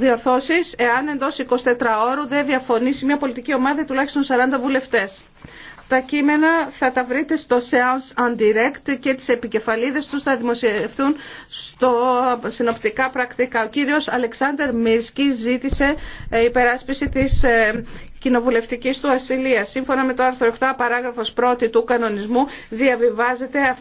διορθώσεις εάν εντός 24 ώρου δεν διαφωνήσει μια πολιτική ομάδα τουλάχιστον 40 βουλευτές. Τα κείμενα θα τα βρείτε στο Seance on Direct και τις επικεφαλίδες τους θα δημοσιευθούν στο συνοπτικά πρακτικά. Ο κύριος Αλεξάνδρ Μίσκι ζήτησε ε, υπεράσπιση της ε, κοινοβουλευτικής του ασυλίας. Σύμφωνα με το άρθρο 7 παράγραφος 1 του κανονισμού διαβιβάζεται